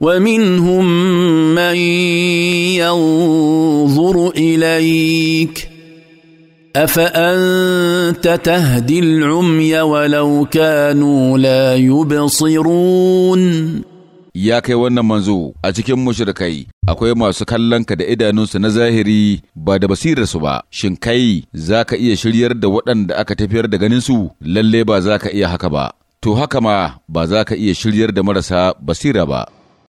ومنهم من ينظر اليك افانت تهدي العمي ولو كانوا لا يبصرون ya kai wannan manzo a cikin mushrikai akwai masu kallonka da idanunsu na zahiri ba da basirarsu ba shin kai za ka iya shiryar da waɗanda aka tafiyar da ganinsu lalle ba za ka iya haka ba to haka ma ba za ka iya shiryar da marasa basira ba